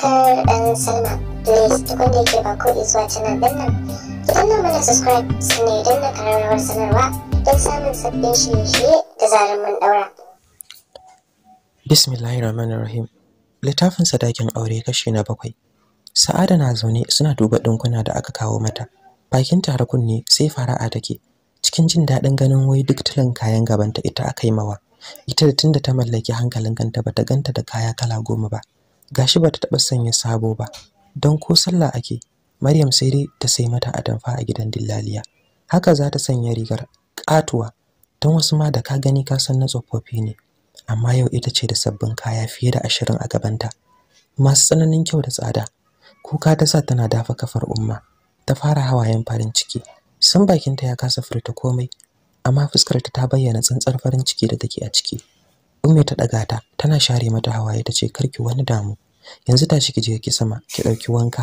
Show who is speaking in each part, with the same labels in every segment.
Speaker 1: subscribe and sign up. Please tukunde ke ba ko zuwa canal din nan. Ki danna mana subscribe sannan idan na karar sanarwa don samun sabbin shirye-shirye da zarar mun daura. Bismillahirrahmanirrahim. Littafin sadakin aure kashi na bakwai. Sa'ada na zaune suna duba dinkuna da aka kawo mata. Bakin tare kunne sai fara'a take. Cikin jin daɗin ganin wai duk talan kayan gabanta ita aka yi mawa. Ita da tunda ta mallaki hankalin kanta bata ganta da kaya kala goma ba. gashi bata taba sanya sabo ba don ko sallah ake Maryam sai dai ta sai mata a damfa a gidan dillaliya haka za ta sanya rigar katuwa don wasu ma da ka gani ka san na tsofaffi ne amma yau ita ce da sabbin kaya fiye da ashirin a gabanta masu tsananin kyau da tsada kuka ta sa tana dafa kafar umma ta fara hawayen farin ciki san bakinta ya kasa furta komai amma fuskarta ta bayyana tsantsar farin ciki da take a ciki Ummi ta daga ta tana share mata hawaye tace karki wani damu yanzu tashi kije ki sama ki dauki wanka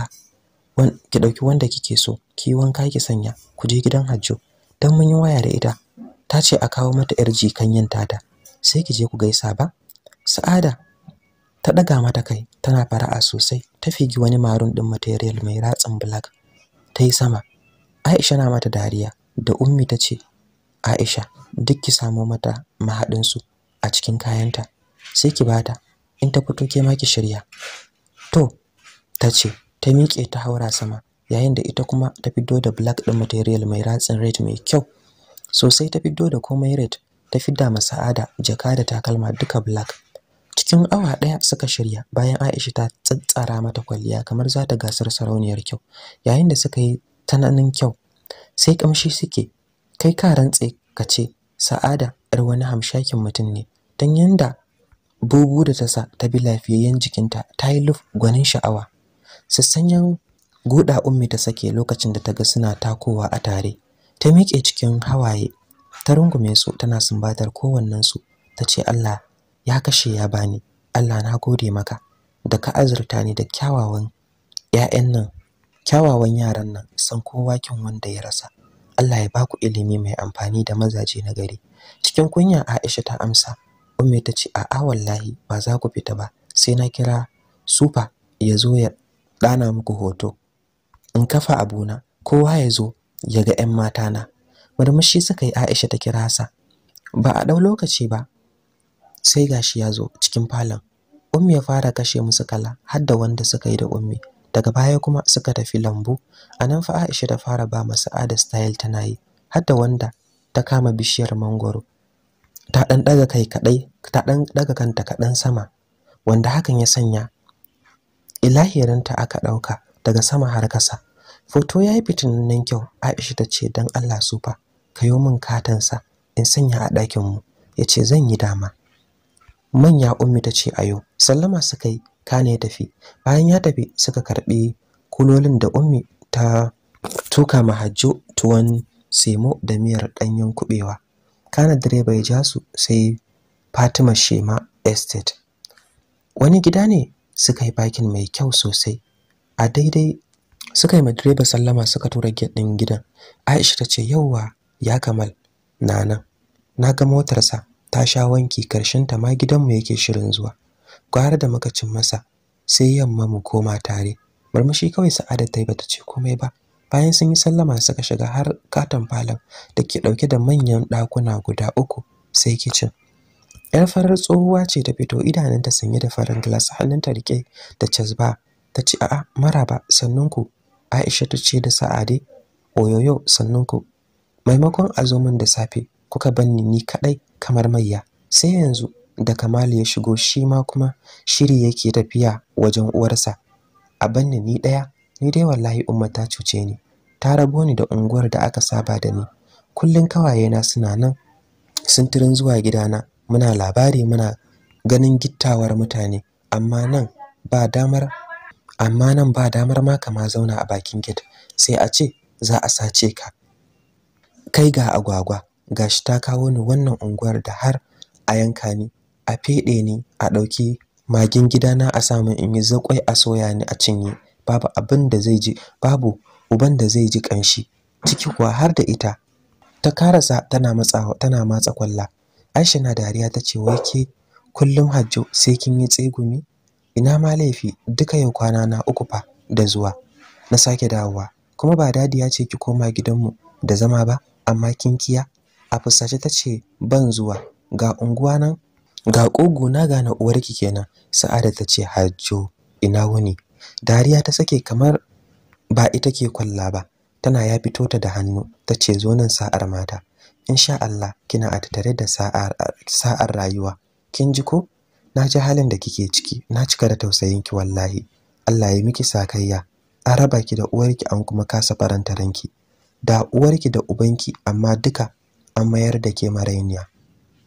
Speaker 1: wan ki dauki wanda kike so ki wanka ki sanya ku je gidan Hajjo dan mun yi waya da ita tace a kawo mata yar jikanyen tata sai ki je ku gaisa ba Sa'ada ta daga mata kai tana fara'a sosai ta figi wani marun din material mai ratsin black ta yi sama Aisha na mata dariya da Ummi tace Aisha duk ki samo mata mahadin su a cikin kayanta sai ki bata in ta fito ke ma ki shirya to ta ce ta miƙe ta haura sama yayin da ita kuma ta fiddo da black ɗin material mai ratsin red mai kyau sosai ta fiddo da komai red ta fidda sa'ada, jaka da takalma duka black cikin awa ɗaya suka shirya bayan Aisha ta tsatsara mata kwalliya kamar za ta gasar sarauniyar kyau yayin da suka yi tananin kyau sai kamshi suke kai ka rantse ka ce sa'ada ar wani hamshakin mutum ne don yanda bugu da tasa ta bi lafiyayyen jikinta ta yi luf gwanin sha'awa sassanyen guda ummi ta sake lokacin da ta ga suna takowa a tare ta miƙe cikin hawaye ta rungume su tana sumbatar kowannensu ta ce Allah ya kashe ya bani Allah na gode maka da ka azurta ne da kyawawan 'ya'yan nan kyawawan yaran nan san kowa kin wanda ya rasa Allah ya baku ilimi mai amfani da mazaje na gari cikin kunya Aisha ta amsa ummi ta ce a'a wallahi ba za ku fita ba sai na kira sufa ya zo ya dana muku hoto in kafa abuna kowa ya zo ya ga 'yan mata na murmushi suka yi Aisha ta kira sa ba a dau lokaci ba sai gashi ya zo cikin falon ummi ya fara kashe musu kala har da wanda suka yi da ummi daga baya kuma suka tafi lambu a nan fa Aisha ta fara ba ada style tana yi har da wanda ta kama bishiyar mangoro ta dan daga kai kadai ta dan daga kanta kadan sama wanda hakan ya sanya ilahirinta aka dauka daga sama har kasa foto yayi fitinannen kyau Aisha ta ce dan Allah sufa kayo min sa in sanya a ɗakin mu yace zan yi dama manya ummi ta ce ayo sallama suka yi kane ya tafi bayan ya tafi suka karbi kulolin da ummi ta tuka mahajjo tuwon semo da miyar danyen kubewa kana direba ya ja su sai Fatima Shema Estate wani gida ne suka yi bakin mai kyau sosai a daidai suka yi ma direba sallama suka tura gidan gidan Aisha ta ce yauwa ya kamal nana na ga motarsa ta sha wanki karshen ta ma gidanmu yake shirin zuwa gwara da muka cin masa sai yamma mu koma tare murmushi kawai sa'adat ta yi bata ce komai ba bayan sun yi sallama suka shiga har katon falon da ke ɗauke da manyan ɗakuna guda uku sai kicin yar farar tsohuwa ce ta fito idanunta sanye da farin glass hannunta riƙe da casba ta ce a'a maraba ku." aisha ta ce da sa'ade oyoyo sannunku maimakon a zo min da safe kuka banni ni kaɗai kamar mayya sai yanzu da Kamalu ya shigo shi ma kuma shiri yake tafiya wajen uwarsa a banni ni daya ni dai wallahi umma cuce ni ta rabo ni da unguwar da aka saba da ni kullun kawaye na suna nan sintirin zuwa gidana muna labari muna ganin gittawar mutane amma nan ba damar amma nan ba damar ma kama zauna a bakin gate sai a ce za a sace ka kai ga agwagwa gashi ta kawo ni wannan unguwar da har a yanka ni a feɗe ni a ɗauki magin gidana a samun in yi zakwai a soya ni a cinye babu abin da zai ji babu uban da zai ji ƙanshi ciki kuwa har da ita ta karasa tana matsawa matsa kwalla Aisha na dariya ta ce wai ke kullum Hajjo sai kin yi tsegumi ina ma laifi duka yau kwana na uku fa da zuwa na sake dawowa kuma ba dadi ya ce ki koma gidanmu da zama ba amma kin kiya a fusace ta ce ban zuwa ga unguwa nan ga na ga na uwarki kenan sa'ada ta ce hajjo ina wuni dariya ta sake kamar ba ita ke kwalla ba tana ya fito ta da hannu ta ce zo nan sa'ar mata insha Allah kina a tattare da sa'ar sa'ar rayuwa kin ji ko na ji halin da kike ciki na cika da tausayin ki wallahi Allah ya miki sakayya an raba ki da uwarki an kuma kasa faranta ranki da uwarki da ubanki amma duka an mayar da ke marainiya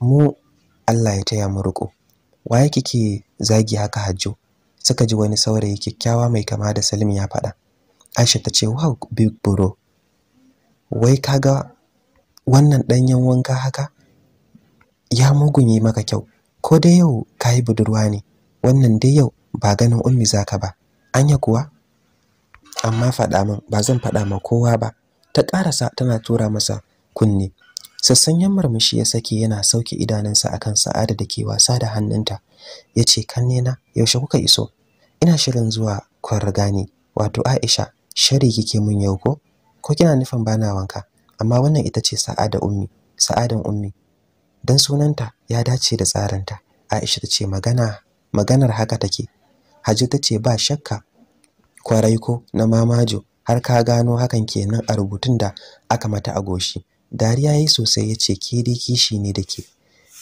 Speaker 1: mu Allah ya taya mu riko waye kike zagi haka hajjo suka ji wani saurayi kyakkyawa mai kama da Salim ya faɗa Aisha ta ce wow big bro wai kaga wannan ɗanyen wanka haka ya mugun yi maka kyau ko dai yau kai budurwa ne wannan dai yau ba ganin ummi zaka ba anya kuwa amma faɗa min ba zan faɗa ma kowa ba ta ƙarasa tana tura masa kunne sassanyen murmushi ya sake yana sauke idanunsa akan sa'ada da ke wasa da hannunta ya ce kannena yaushe kuka iso ina shirin zuwa kwargani wato aisha shari kike mun yau ko ko kina nufin bana wanka amma wannan ita ce sa'ada ummi sa'adan ummi dan sunanta ya dace da tsarinta aisha ta ce magana maganar haka take haji ta ce ba shakka kwarai ko na mamajo har ka gano hakan kenan a rubutun da aka mata a goshi dariya yayi sosai ya ce ke dai kishi ne da ke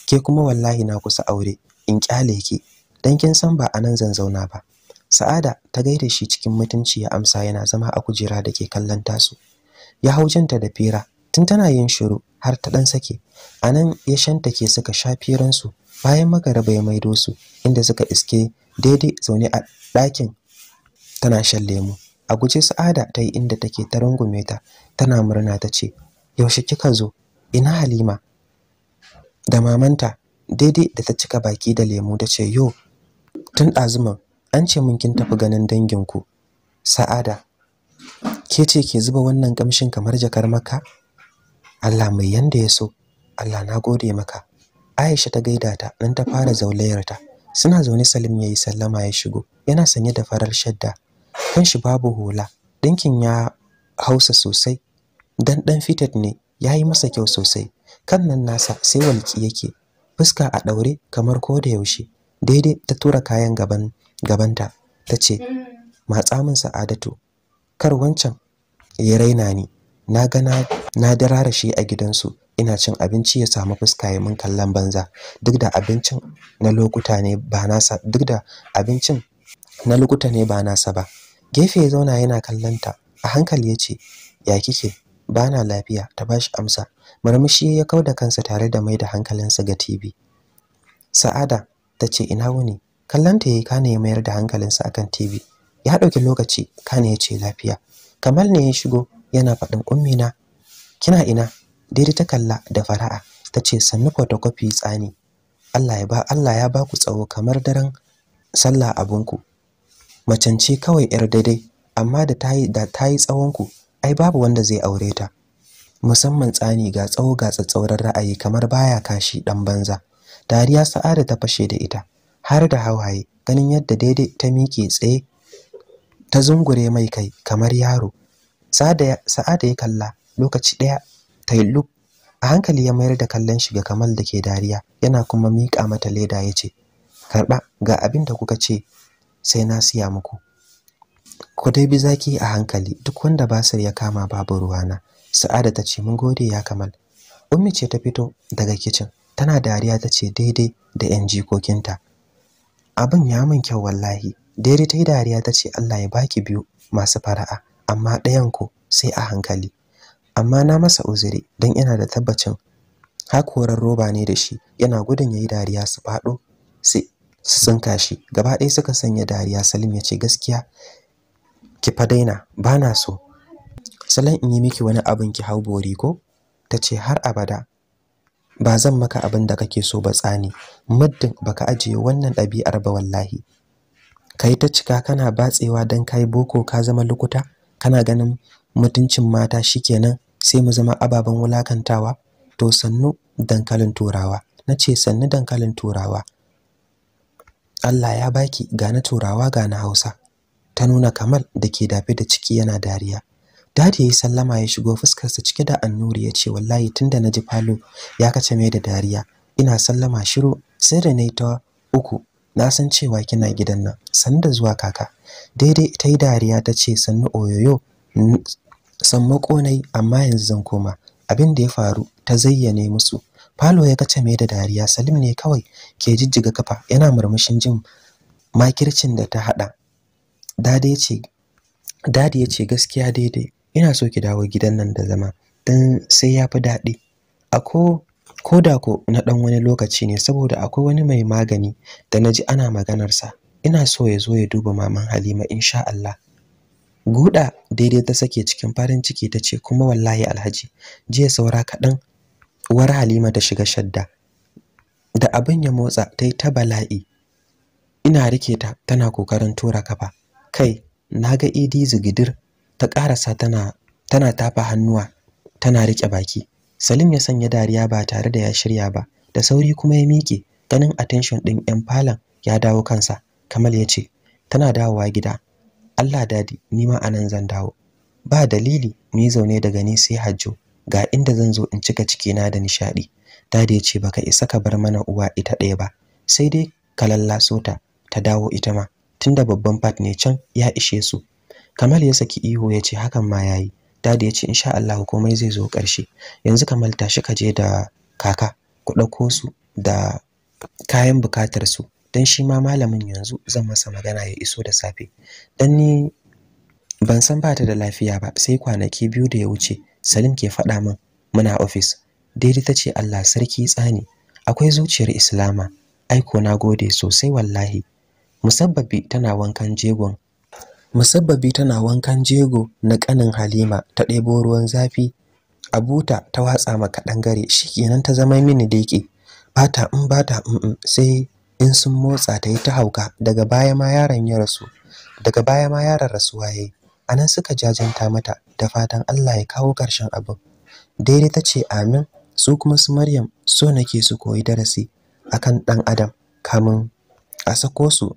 Speaker 1: ke kuma wallahi na kusa aure in kyale ki dan kin san ba anan zan zauna ba sa'ada ta gaida shi cikin mutunci ya amsa yana zama a kujera da ke kallon tasu ya hau da fira tun tana yin shiru har ta dan sake anan ya ke suka sha su bayan magaraba ya maido su inda suka iske daidai zaune a ɗakin tana shan lemu a guje sa'ada ta yi inda take ta rungume ta tana murna ta ce yaushe kika zo ina halima da mamanta daidai da ta cika baki da lemu da ce yo tun ɗazuman an ce min kin tafi ganin danginku sa'ada ke ce ke zuba wannan kamshin kamar jakar maka Allah mai yanda ya so Allah na gode maka Aisha ta gaida ta nan ta fara zaulayar ta suna zaune Salim yayi sallama ya shigo yana sanye da farar shadda kanshi babu hula dinkin ya hausa sosai dan dan fitat ne yayi masa kyau sosai kan nan nasa sai walki yake fuska a daure kamar ko da yaushe daidai ta tura kayan gaban gabanta tace matsa min sa'adatu kar wancan ya raina ni na ga na na darara shi a gidansu ina cin abinci ya samu fuska ya mun kallon banza duk da abincin na lokuta ne ba nasa duk da abincin na lokuta ne ba nasa ba gefe ya zauna yana kallon a hankali ya ce ya kike bana lafiya ta bashi amsa murmushi ya kauda kansa tare da mai da hankalinsa ga TV Sa'ada tace ce ina wuni kallanta yayi kane ya mayar da hankalinsa akan TV ya dauki lokaci kane ya ce lafiya Kamal ne ya shigo yana faɗin ummi kina ina daidai ta kalla da fara'a ta ce sannu photocopy tsani Allah ya ba Allah ya baku ku tsawo kamar daren sallah abunku macance kawai yar daidai amma da tayi da tayi tsawon ku ai babu wanda zai aure ta musamman tsani ga tsawo ga tsatsauran ra'ayi kamar baya kashi dan banza dariya sa'ada ta fashe da ita har da hawaye ganin yadda daidai ta miƙe tsaye ta zungure mai kai kamar yaro sa'ada ya kalla lokaci ɗaya ta yi luk a hankali ya mayar da kallon shiga kamal da ke dariya yana kuma miƙa mata leda ya ce karɓa ga abin da kuka ce sai na siya muku ku dai bi zaki a hankali duk wanda basir ya kama babu ruwana sa'ada ta ce mun gode ya kamal ummi ce ta fito daga kicin tana dariya ta ce daidai da yan jikokinta abin ya min kyau wallahi daidai ta yi dariya ta ce allah ya baki biyu masu fara'a amma ɗayan ku sai a hankali amma na masa uzuri don ina da tabbacin hakoran roba ne da shi yana gudun ya yi dariya su faɗo su sun kashi gaba ɗaya suka sanya dariya salim ya ce gaskiya ki fa daina bana so salon in yi miki wani abin ki hau bori ko tace har abada ba zan maka abin da kake so ba tsani muddin baka ajiye wannan ɗabi'ar ba wallahi kai ta cika kana batsewa dan kai boko ka zama lukuta kana ganin mutuncin mata shi shikenan sai mu zama ababen wulakantawa to sannu dankalin turawa Na ce, sannu dankalin turawa Allah ya baki ga na turawa ga na Hausa ta nuna Kamal da ke dafe da ciki yana dariya. Dadi ya yi sallama ya shigo fuskarsa cike da annuri ya ce wallahi tunda naji falo ya kace mai da dariya ina sallama shiru sai da nayi ta uku na san cewa kina gidan nan da zuwa kaka daidai ta yi dariya ta ce sannu oyoyo san makonai amma yanzu zan koma abin da ya faru ta zayyane musu falo ya kace mai da dariya salim ne kawai ke jijjiga kafa yana murmushin jin makircin da ta hada dadi ce dadi ya ce gaskiya daidai ina so ki dawo gidan nan da zama dan sai ya fi daɗi ako ko da ko na ɗan wani lokaci ne saboda akwai wani mai magani da na ji ana sa ina so ya zo ya duba maman halima insha Allah guda daidai ta sake cikin farin ciki ta ce kuma wallahi alhaji jiya saura kaɗan uwar halima ta shiga shadda da abin ya motsa ta yi ta bala'i ina rike ta tana kokarin tura kafa kai na ga idi zigidir ta karasa tana tana tafa hannuwa tana riƙe baki Salim ya sanya dariya ba tare da ya shirya ba da sauri kuma ya miƙe ganin attention ɗin yan falon ya dawo kansa Kamal ya ce tana dawowa gida Allah dadi ni ma anan zan dawo ba dalili mu yi zaune daga ni sai Hajjo ga inda zan zo in cika cikina da nishadi dadi ya ce baka isa ka bar mana uwa ita ɗaya ba sai dai ka lallaso ta dawo ita ma tunda babban fat ne can ya ishe su kamal ya saki ihu ya ce hakan ma ya yi. dadi ya ce insha Allah komai zai zo ƙarshe yanzu kamal tashi ka je da kaka ku ɗauko su da kayan bukatar su dan shi ma malamin yanzu zan masa magana ya iso da safe dan ni ban san bata da lafiya ba sai kwanaki biyu da ya wuce Salim ke faɗa min muna office daidai ta ce Allah sarki tsani akwai zuciyar Islama aiko na gode sosai wallahi musabbabi tana wankan jego musabbabi tana wankan jego na kanin halima ta ɗebo ruwan zafi a buta ta watsa ma Shi shikenan ta zama mini deke bata in mm, bata in mm, mm, sai in sun motsa ta yi ta hauka daga baya ma yaron ya rasu daga baya ma yaron rasuwa yayi anan suka jajanta mata da fatan Allah ya kawo ƙarshen abu. daidai ta ce amin su kuma su Maryam so nake su koyi darasi akan dan adam kamun a sako su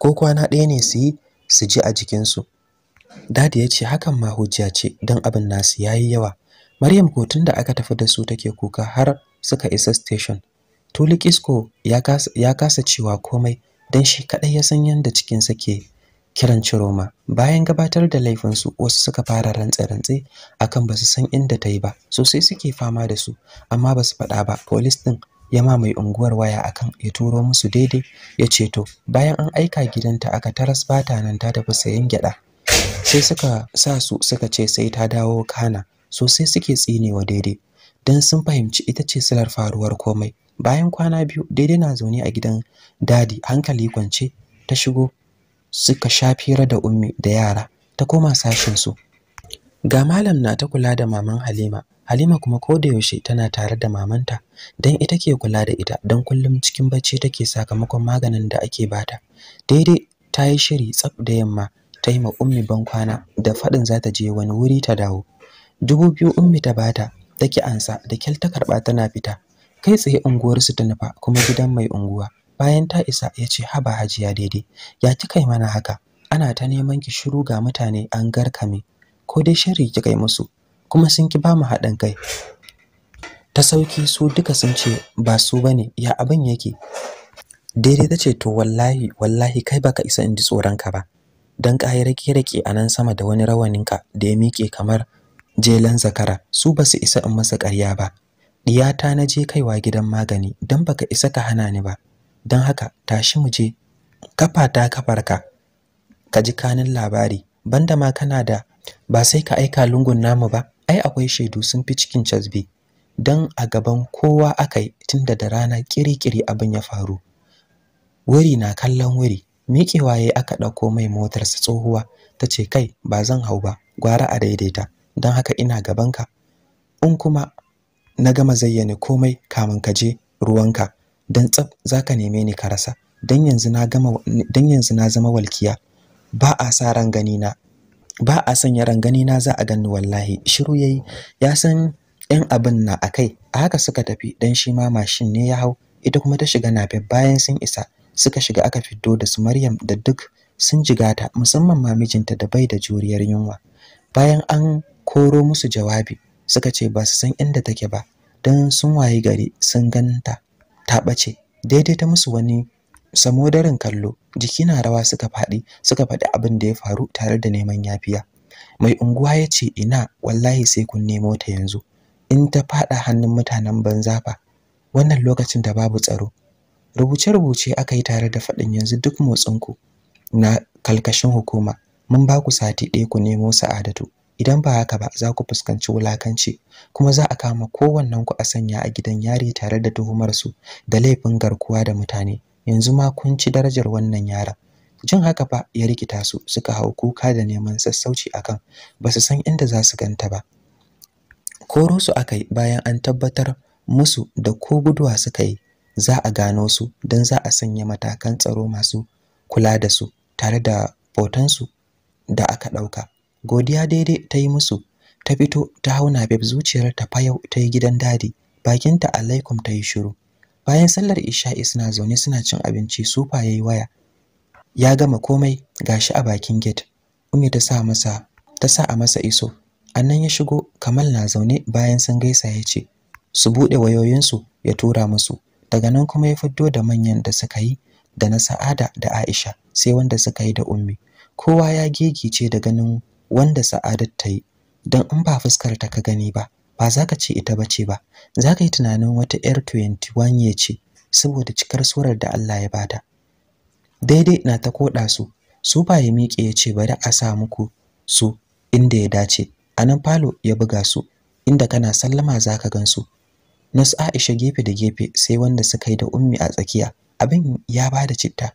Speaker 1: ko kwana ɗaya ne su yi su ji a jikinsu dadi ya ce hakan ma hujja ce don abin nasu ya yi yawa maryam ko tun da aka tafi da su take kuka har suka isa station tuli isko ya kasa cewa komai don shi kaɗai ya san yadda cikinsa ke kiran ciroma bayan gabatar da laifinsu wasu suka fara rantse-rantse akan ba su san inda ta yi ba sosai suke fama da su amma ba su faɗa ba polis ɗin ya ma mai unguwar waya akan ya turo musu daidai ya ce to bayan an aika gidanta aka taras bata nan ta tafi sayan gyada sai suka sa su suka ce sai ta dawo kana so sai suke tsinewa daidai dan sun fahimci ita ce silar faruwar komai bayan kwana biyu daidai na zaune a gidan dadi hankali kwance ta shigo suka shafira da ummi da yara ta koma sashin su Ga malam na ta kula da maman Halima, Halima kuma ko da yaushe tana tare da mamanta dan ita ke kula da ita don kullum cikin bacci take sakamakon maganin da ake bata. Daidai ta yi shiri tsaf da yamma ta yi ma ummi ban kwana da faɗin za ta je wani wuri ta dawo. Dubu biyu ummi ta bata take ansa da kyal ta karba tana fita. Kai tsaye unguwar su ta nufa kuma gidan mai unguwa. Bayan ta isa ya ce haba hajiya daidai ya kika yi mana haka ana ta neman ki shiru ga mutane an garkame. ko dai sharri kika yi musu kuma sun ki bamu haɗin kai ta sauki su duka sun ce ba su bane ya abin yake daidai ta ce to wallahi wallahi kai baka isa in ji tsoronka ba dan kayi rake rake a nan sama da wani rawaninka da ya miƙe kamar jelan zakara su ba su isa in masa ƙarya ba diyata na je kaiwa gidan magani dan baka isa ka hana ni ba dan haka tashi mu je kafa ta kafarka ka ji kanin labari banda ma kana da ba sai ka aika lungun namu ba ai akwai shaidu sun fi cikin casbe Don a gaban kowa aka yi tunda da rana kirikiri abin ya faru wuri na kallon wuri miƙewa yayi aka ɗauko mai motarsa tsohuwa ta ce kai ba zan hau ba gwara a daidaita don haka ina gabanka in kuma na gama zayyani komai kamin ka je ruwanka don tsab za ka neme ni ka rasa don yanzu na zama walkiya ba a sa ran gani na ba a son yaran gani na za a gani wallahi shiru yayi ya san yan abin na a kai, a haka suka tafi dan shi ma mashin ne ya hau ita kuma ta shiga nafe bayan sun isa suka shiga aka fito da su Maryam da duk sun jigata musamman ma mijinta da bai da juriyar yunwa bayan an koro musu jawabi suka ce ba su san inda take ba dan sun wayi gari sun ganta ta bace daidai ta musu wani samodarin kallo jiki na rawa suka faɗi suka faɗi abin da ya faru tare da neman yafiya mai unguwa ya ce ina wallahi sai kun nemo ta yanzu in ta faɗa hannun mutanen banza fa wannan lokacin da babu tsaro rubuce-rubuce aka yi tare da faɗin yanzu duk motsinku na kalkashin hukuma mun ba ku sati ɗaya ku nemo sa'adatu idan ba haka ba za ku fuskanci wulakanci kuma za a kama kowannen ku a sanya a gidan yari tare da tuhumar su da laifin garkuwa da mutane yanzu ma kun ci darajar wannan yara jin haka fa ya rikita su suka hau kuka da neman sassauci akan ba su san inda za su ganta ba koro su akai bayan an tabbatar musu da ko guduwa suka yi za a gano su don za a sanya matakan tsaro masu kula da su tare da hotonsu da aka ɗauka godiya daidai ta yi musu ta fito ta hauna beb zuciyar ta fayau ta yi gidan dadi bakinta alaikum ta yi shiru bayan sallar isha'i suna zaune suna cin abinci sufa yayi waya ya gama komai gashi a bakin gate umi ta sa masa ta sa a masa iso annan ya shigo kamal na zaune bayan sun gaisa ya ce su bude wayoyinsu ya tura musu daga nan kuma ya fito da manyan da suka yi da na sa'ada da aisha sai wanda suka yi da ummi kowa ya gegice da ganin wanda sa'adat ta yi don in ba fuskar ta ka gani ba ba za ka ce ita bace ba za ka yi tunanin wata yar 21 ya ce saboda cikar surar da Allah ya bada daidai na ta koda su su ba ya miƙe ya ce bari a sa muku su inda ya dace a nan falo ya buga su inda kana sallama za ka gan su. nasu Aisha gefe da gefe sai wanda suka yi da ummi a tsakiya abin ya bada citta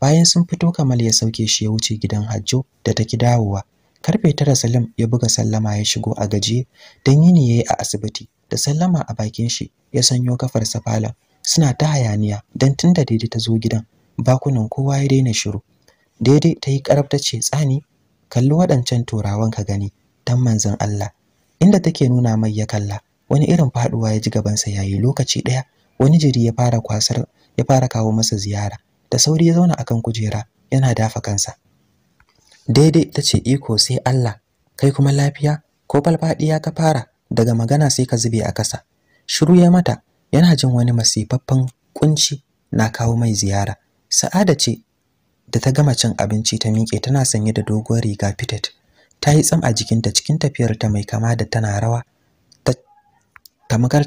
Speaker 1: bayan sun fito kamal ya sauke shi ya wuce gidan hajjo da take dawowa Karfe tara Salim ya buga sallama ya shigo a gajiye don yini ya yi a asibiti da sallama a bakin shi ya sanyo kafar safala suna ta hayaniya don tun da daidai ta zo gidan bakunan kowa ya daina shiru. Daidai ta yi karabta ce tsani kalli waɗancan turawan ka gani dan manzon Allah inda take nuna mai ya kalla wani irin faduwa ya ji gabansa yayi lokaci ɗaya wani jiri ya fara kwasar ya fara kawo masa ziyara da sauri ya zauna akan kujera yana dafa kansa daidai ita ce iko sai Allah kai kuma lafiya ko falfadiya ka fara daga magana sai ka zube a kasa shiru ya mata yana jin wani masifaffen kunci na kawo mai ziyara sa'ada ce da ta gama cin abinci ta miƙe tana sanye da doguwar riga fitted ta yi tsam a jikinta cikin tafiyar ta mai kama da tana rawa ta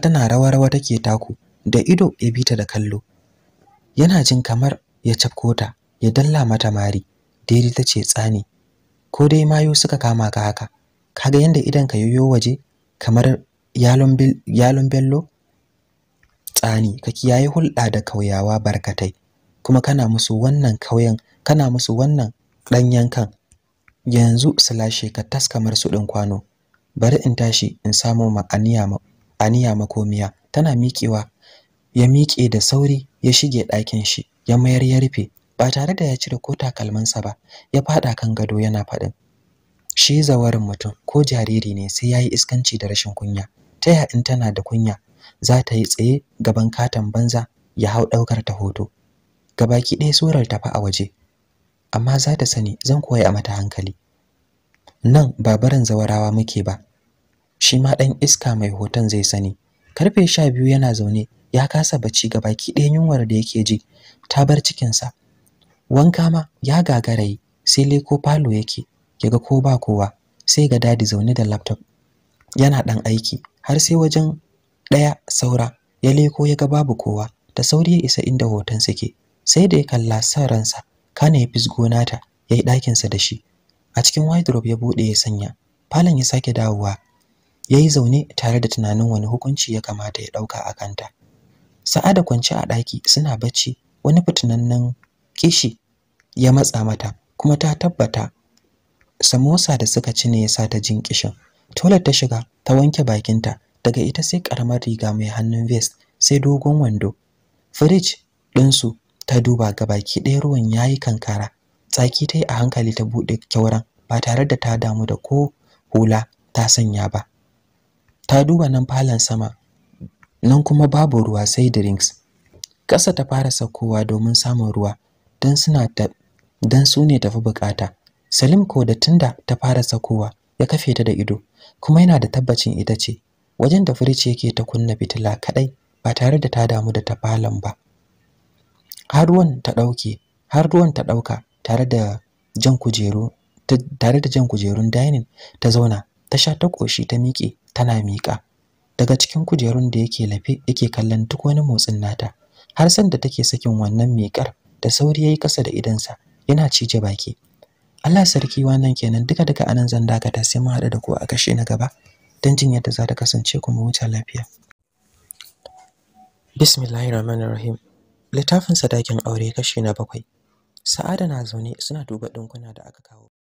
Speaker 1: tana rawa rawa take taku da ido ya bi ta da kallo yana jin kamar ya cafko ta ya dalla mata mari daidai ta ce tsani ko dai mayo suka kama ka haka kaga yanda idan ka yoyo waje kamar yalon bello tsani ka kiyaye hulɗa da kauyawa barkatai kuma kana musu wannan kauyen kana musu wannan ɗan yankan yanzu su lashe ka tas kamar su ɗin kwano bari in tashi in samo ma aniya makomiya tana miƙewa ya miƙe da sauri ya shige ɗakin shi ya mayar ya rufe ba tare da ya cire ko takalminsa ba ya faɗa kan gado yana faɗin shi zawarin mutum ko jariri ne sai ya yi iskanci da rashin kunya ta ya in tana da kunya za ta yi tsaye gaban katon banza ya hau ɗaukar ta hoto gabaki ɗaya surar tafi a waje amma za ta sani zan koya mata hankali nan ba barin zawarawa muke ba shi ma ɗan iska mai hoton zai sani karfe sha biyu yana zaune ya kasa bacci gabaki ɗaya yunwar da yake ji ta bar cikinsa wanka ma ya gagarayi sai leko falo yake kiga ko ba kowa sai ga dadi zaune da laptop yana dan aiki har sai wajen daya saura ya leko ga babu kowa da sauri ya isa inda hoton suke sai da ya kalla san ransa kana ya fisgo nata yayi dakin sa da shi a cikin wardrobe ya bude ya sanya falon ya sake dawowa yayi zaune tare da tunanin wani hukunci ya kamata ya dauka a kanta sa'ada kwance a daki suna bacci wani nan shi ya matsa mata kuma ta tabbata samosa da suka ci ne yasa ta jin kishin tolar ta shiga ta wanke bakinta daga ita sai karamar riga mai hannun vest sai dogon wando fridge ɗinsu ta duba ga baki ɗaya ruwan ya yi kankara tsaki ta yi a hankali ta buɗe kyauran ba tare da ta damu da ko hula ta sanya ba ta duba nan falon sama nan kuma babu ruwa sai drinks ƙasa ta fara saukowa domin samun ruwa don suna ta su ne tafi bukata Salim ko da tunda ta fara sakowa ya kafe ta da ido kuma yana da tabbacin ita ce wajen da furici yake ta kunna fitila kadai ba tare da ta damu da tafalan ba har ruwan ta dauke har ta dauka tare da jan kujeru tare da jan kujerun dining ta zauna ta sha ta koshi ta miƙe tana miƙa daga cikin kujerun da yake lafe yake kallon duk motsin nata har san da take sakin wannan miƙar da sauri yayi kasa da idansa yana cije baki Allah sarki wannan kenan duka duka anan zan dakata sai mun haɗu da ku a kashe na gaba dan jin yadda za ta kasance kuma wuce lafiya Bismillahirrahmanirrahim littafin sadakin aure kashe na bakwai Sa'ada na zaune suna duba dinkuna da aka kawo